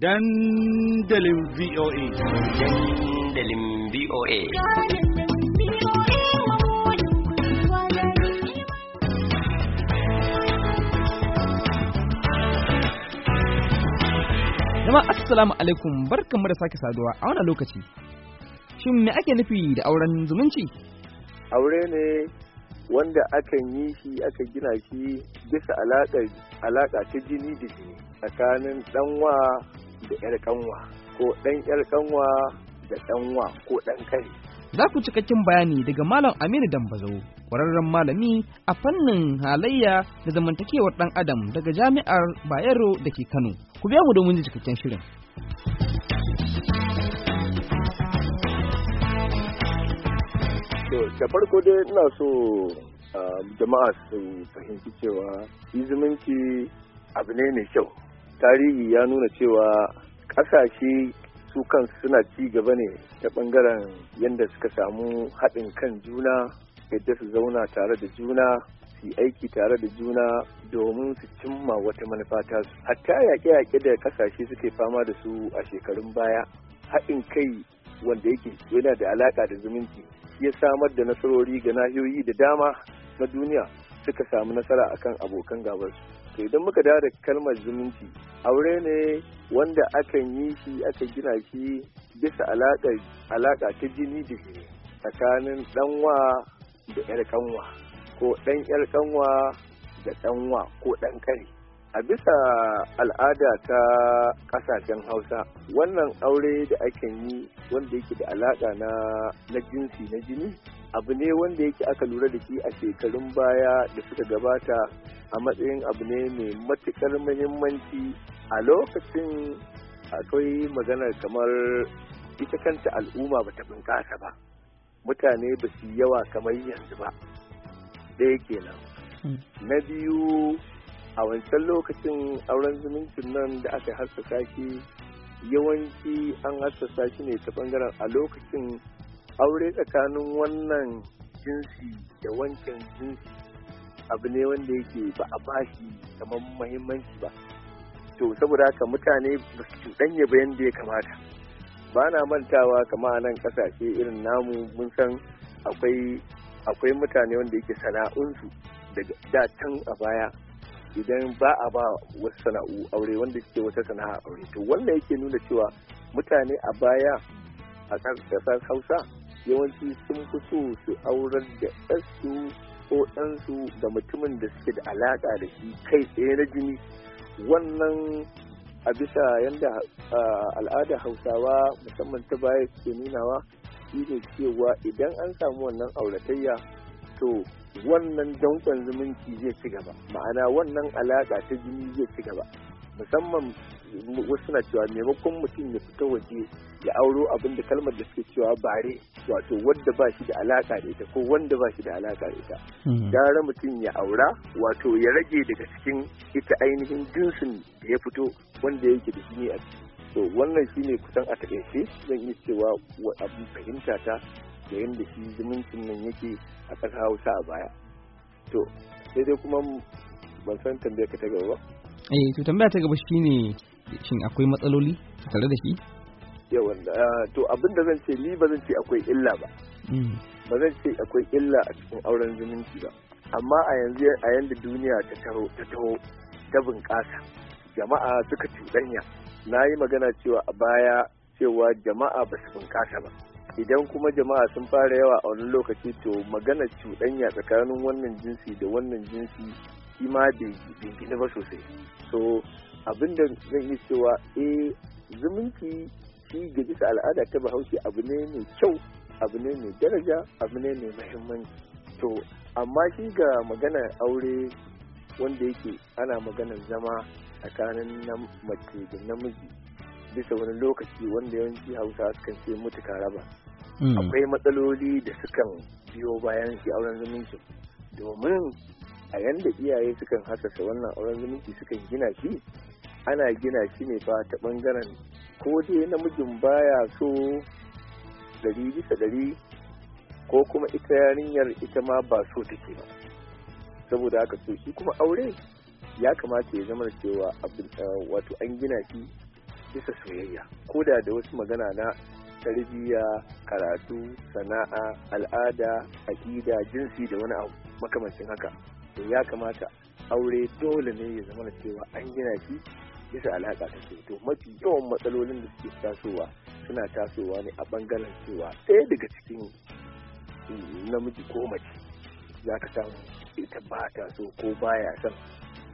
dandalin VOA. Dandalin VOA. Jama'a assalamu alaikum barkanmu da sake saduwa a wannan lokaci. Shin me ake nufi da auren zumunci? Aure ne wanda akan yi shi aka gina shi bisa alaƙa ta jini da jini tsakanin ɗanwa da 'yar kanwa ko ɗan 'yar kanwa da ɗanwa ko ɗan kare. Za ku cikakken bayani daga Malam Aminu Dambazo, ƙwararren malami a fannin halayya da zamantakewar ɗan Adam daga Jami'ar Bayero da ke Kano. Ku biya mu domin cikakken shirin. da farko dai ina so ah, jama'a su fahimci cewa izuminci abu ne mai kyau tarihi ya nuna cewa ƙasashe su kansu suna ci gaba ne ta ɓangaren yadda suka samu haɗin kan juna yadda su zauna tare da juna su aiki tare da juna domin su cimma wata manufa su hatta yaƙe-yaƙe da ƙasashe suke fama da su a shekarun baya haɗin kai wanda yake yana da alaƙa da zumunci ya samar da nasarori ga nahiyoyi da dama na duniya suka samu nasara akan abokan gabar to idan muka dawo da kalmar zumunci aure ne wanda akan yi shi aka gina shi bisa alaƙa ta jini da jini tsakanin ɗanwa da ƴar kanwa ko ɗan ƴar kanwa da ɗanwa ko ɗan kare a bisa al'ada ta ƙasashen hausa wannan aure da akan yi wanda yake da alaƙa na jinsi na jini abu ne wanda yake aka lura da shi a shekarun baya da suka gabata a matsayin abu ne mai matuƙar muhimmanci a lokacin akwai maganar kamar ita kanta al'umma ba ta bunƙasa ba mutane ba su yawa kamar yanzu ba ɗaya kenan hmm. na biyu a wancan lokacin auren zumuncin nan da aka hassasa shi yawanci an harsasa shi ne ta bangaren a lokacin aure tsakanin wannan jinsi da wancan jinsi abu ne wanda yake ba a bashi kamar mahimmanci ba to saboda haka mutane ba su cuɗanya ba yadda ya kamata ba na mantawa kama a nan ƙasashe irin namu mun san akwai akwai mutane wanda yake sana'unsu daga da can a baya idan ba a ba wasu sana'u aure wanda suke wata sana'a aure to wannan yake nuna cewa mutane a baya a ƙasar hausa yawanci sun fi so su aurar da ɗansu ko ɗansu da mutumin da suke da alaƙa da shi kai tsaye na jini wannan a bisa yadda al'adar hausawa musamman ta baya ke nunawa shi ne cewa idan an samu wannan auratayya to wannan danƙon zumunci zai ci gaba ma'ana wannan alaƙa ta jini zai ci gaba musamman wasu suna cewa maimakon mutum ya fita waje ya auro abin da kalmar da suke cewa bare wato wanda ba shi da alaka da ita ko wanda ba shi da alaka da ita hmm. gara mutum ya aura wato ya rage daga cikin ita ainihin jinsin da ya fito wanda yake da shi ne a to wannan shi ne kusan a takaice zan yi cewa abin fahimta ta da yadda shi zumuncin nan yake a ƙasa hausa a baya to sai dai kuma ban san tambayar ka ta gaba ba eh to tambaya ta gaba shine shin akwai matsaloli tare da shi yawan ah, to abin zan ce ni ba zan ce akwai illa ba hmm. ba zan ce akwai illa a cikin auren zumunci ba amma a yanzu a yanda duniya ta taro ta taho ta bunƙasa jama'a suka cuɗanya na yi magana cewa a baya cewa jama'a ba su bunƙasa ba idan kuma jama'a sun fara yawa a wani lokaci to magana cuɗanya tsakanin wannan jinsi da wannan jinsi shi ma bai gina ba sosai so abinda zan yi cewa eh zumunci shi ga bisa al'ada ta bahaushe abu ne mai kyau abu ne mai daraja abu ne mai mahimmanci to amma shi ga maganar aure wanda yake ana maganar zama tsakanin na mace da namiji bisa wani lokaci wanda yawanci hausa sukan ce mutu raba hmm. akwai matsaloli da sukan biyo bayan shi auren zumunci domin a yanda iyaye sukan hasasa wannan auren zumunci sukan gina shi ana gina shi ne ba ta bangaren ko dai namijin baya so ɗari bisa ɗari ko kuma ita yarinyar ita ma ba so take ba saboda haka so shi kuma aure ya kamata ya zama cewa eh, wato an gina shi bisa soyayya ko da da wasu magana na tarbiyya karatu sana'a al'ada aƙida jinsi da wani abu makamancin haka ya kamata aure dole ne ya zama cewa an gina shi bisa alaka ta to mafi yawan matsalolin da suke tasowa suna tasowa ne a bangaren cewa ɗaya daga cikin mm, namiji ko mace za ka samu ita ba ta so ko baya son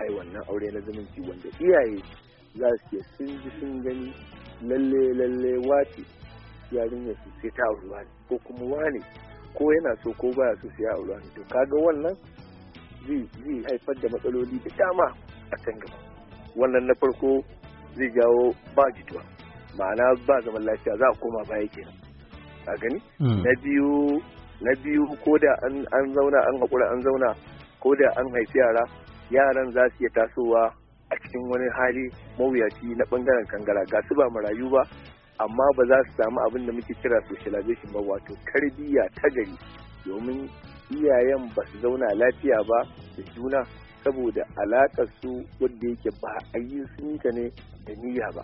ai wannan aure na zumunci wanda iyaye za su ke sun ji sun gani lalle lalle wace yarinya su sai ta aurwa ne ko kuma wane ko yana so ko baya so sai ya aurwa ne to kaga wannan zai haifar da matsaloli da dama a can gaba wannan na farko zai jawo ba jituwa ma'ana ba zaman lafiya za a koma baya kenan a gani hmm. na biyu na biyu ko da an zauna an haƙura an zauna ko da an haifi yara yaran za su iya tasowa a cikin wani hali mawuyaci na bangaren kangara ga su ba marayu ba amma ba za su samu abin da muke kira socialization ba wato karbiya ta gari domin iyayen ba su zauna lafiya ba da juna saboda alakar su wadda yake ba a yi sun ta ne da niyya ba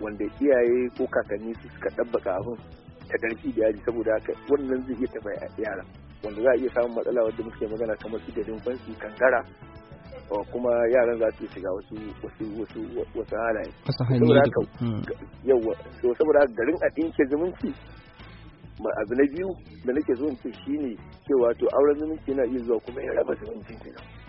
wanda iyaye ko kakanni su suka ɗabbaka abin ta ƙarfi da yaji saboda haka wannan zai iya a yara wanda za a iya samun matsala wadda muke magana kamar su da dimfansu kankara kuma yaran za su shiga wasu wasu wasu wasu halaye hmm. saboda haka so saboda garin a ɗinke zumunci abu na biyu da nake zuwa ce shine cewa to auren zumunci na iya zuwa kuma ya raba zumunci kenan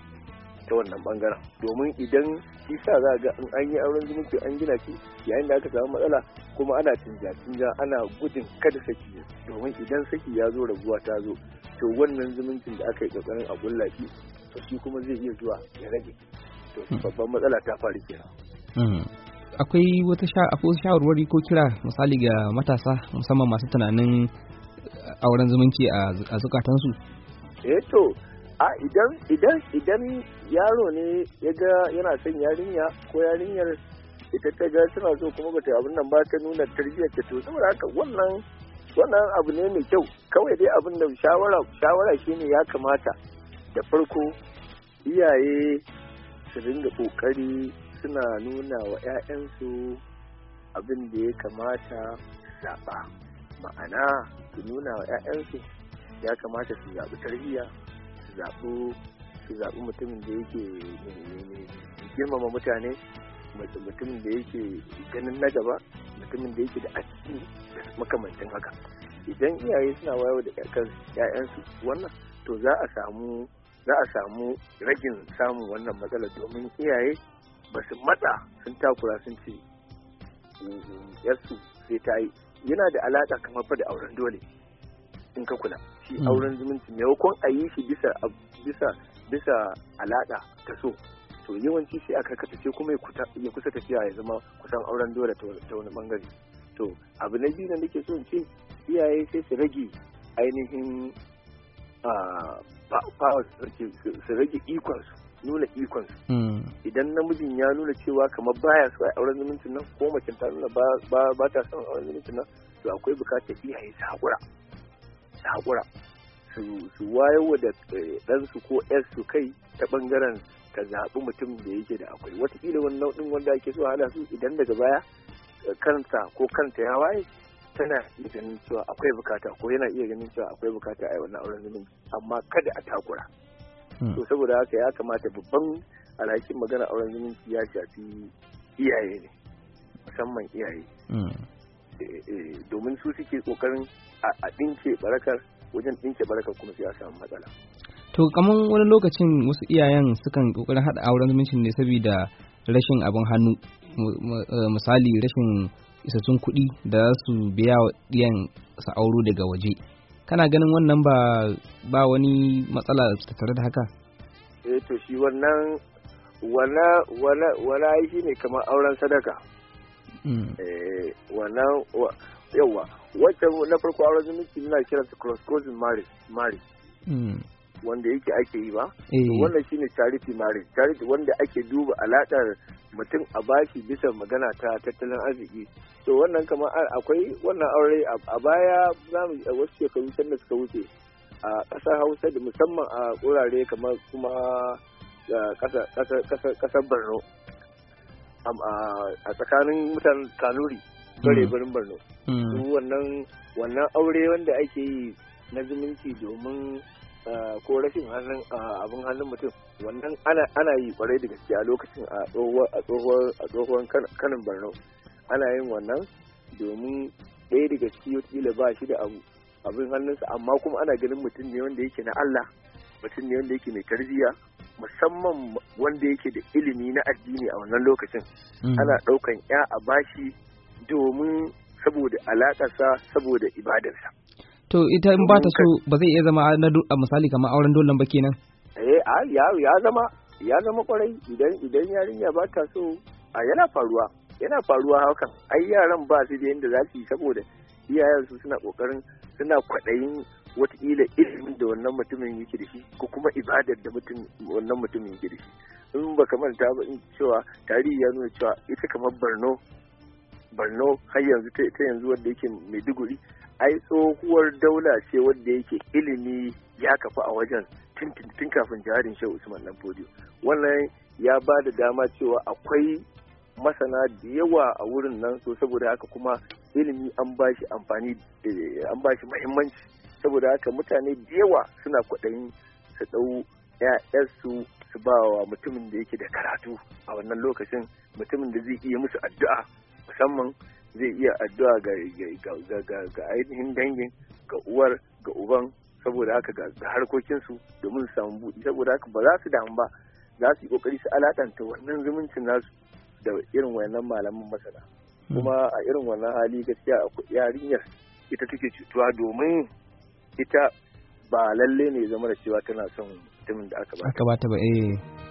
ta wannan bangaren domin idan shi sa za ga in an yi auren zumunci an gina shi yayin da aka samu matsala kuma ana tinja cinja ana gudun kada saki domin idan saki ya zo raguwa ta zo to wannan zumuncin da aka yi kokarin a gulla ki to shi kuma zai iya zuwa ya rage to hmm. babban matsala ta faru kenan hmm. akwai wata shawarwari ko kira misali ga matasa musamman masu tunanin eh, auren zumunci a zukatansu? eh to a idan idan idan yaro ne ya ga yana son yarinya ko yarinyar ita ta ga tana so kuma bata abin nan ba ta nuna tarbiyyar ta to saboda haka wannan wannan abu ne mai kyau kawai dai abin da shawara shawara shine ya kamata da farko iyaye su ringa kokari suna nuna wa 'ya'yansu abin da ya kamata zaɓa ma'ana su nuna wa 'ya'yansu ya kamata su zaɓi tarbiyya zaɓi su zaɓi mutumin da yake eh, girmama mutane mutumin da yake ganin na gaba mutumin da yake da aski makamantan haka idan iyaye suna wayo da ‘ya'yansu wannan to za a samu za a samu ragin samun wannan matsala domin iyaye ba su matsa sun takura sun ce yarsu sai ta yi yana da alaƙa kamar fa da auren dole in ka kula shi mm. auren zumunci maimakon a yi shi bisa bisa bisa alaƙa ta so to yawanci sai aka katace kuma ya kusa tafiya ya zama kusan auren dole ta wani bangare to abu na biyu da nake so in ce iyaye sai su rage ainihin power su rage ikonsu nuna ikonsu mm. idan namijin ya nuna cewa kamar baya so a auren zumuncin nan ko mace ta nuna ba ta son auren zumuncin nan to akwai bukatar iyaye su haƙura su haƙura su wayewa da eh, ɗansu ko su kai ta ɓangaren ka zaɓi mutum da yake da akwai watakila wani nau'in wanda ake so hana su idan daga baya eh, kanta ko kanta ya waye tana iya ganin cewa akwai bukata ko yana iya ganin cewa akwai bukata a wannan auren zumunci amma kada a takura hmm. to saboda haka ya kamata babban alhakin magana auren zumunci ya shafi iyaye ne musamman iyaye hmm. eh, domin su suke kokarin a ɗinke barakar wajen ɗinke barakar kuma sai a samu matsala to kamar wani lokacin wasu iyayen sukan kokarin haɗa auren zumuncin ne saboda rashin abin hannu eh, misali rashin isassun kuɗi da za su biya wa ɗiyan su auro daga waje kana ganin wannan ba ba wani matsala tattare da haka eh to shi wannan wala wala wala shi ne kamar auren sadaka mm. eh wannan yawa wacce na farko auren zumunci nuna kiran su cross cousin mari hmm. wanda yake ake yi ba eh. wannan shine charity marriage charity wanda ake duba alaƙar mutum a baki bisa magana ta tattalin arziki to wannan kama akwai wannan aure a baya zamu wasu shekaru can da suka wuce a ƙasar hausa da musamman a wurare kamar kuma ƙasar borno a tsakanin mutanen kanuri bare hmm. birnin borno hmm. su wannan wannan aure wanda ake yi na zumunci domin eh, ko rashin hannun eh, abin hannun mutum wannan ana yi kwarai da gaske a lokacin a tsohuwar kanin borno ana yin wannan domin ɗaya daga ciki wata ba shi da abu abin hannunsa amma kuma ana ganin mutum ne wanda yake na Allah mutum ne wanda yake mai tarziya musamman wanda yake da ilimi na addini a wannan lokacin hmm. ana ɗaukan ya a bashi domin saboda alakarsa saboda ibadarsa to ita in ba ta so ba zai iya zama a misali kamar auren dole ba kenan eh ya zama ya zama kwarai idan idan yarinya ba ta so a yana faruwa yana faruwa hakan ai yaran ba su da yanda za su yi saboda iyayensu suna kokarin suna kwaɗayin watakila ilimin da wannan mutumin yake da shi ko kuma ibadar da wannan mutumin yake da shi in ba manta ba in cewa tarihi ya nuna cewa ita kamar barno barno har yanzu ta yanzu wadda yake maiduguri ai tsohuwar daula ce wadda yake ilimi ya kafa a wajen tun kafin jihadin shehu usman na fodiyo wannan ya ba da dama cewa akwai masana da yawa a wurin nan so saboda haka kuma ilimi an ba shi amfani an ba shi muhimmanci saboda haka mutane da yawa suna kwaɗayin su ɗau ‘ya'yarsu su ba wa mutumin da yake da karatu a wannan lokacin mutumin da zai iya musu addu'a musamman zai iya addu'a ga ainihin dangin ga uwar ga uban saboda haka ga harkokinsu domin su samu buɗi saboda haka ba za su damu ba za su yi kokari su alaƙanta wannan zumuncin nasu da irin wannan malaman masana hmm. kuma a irin wannan hali gaskiya yarinyar ita take cutuwa domin ita ba lalle ne zama da cewa tana son mutumin da aka ba ta ba eh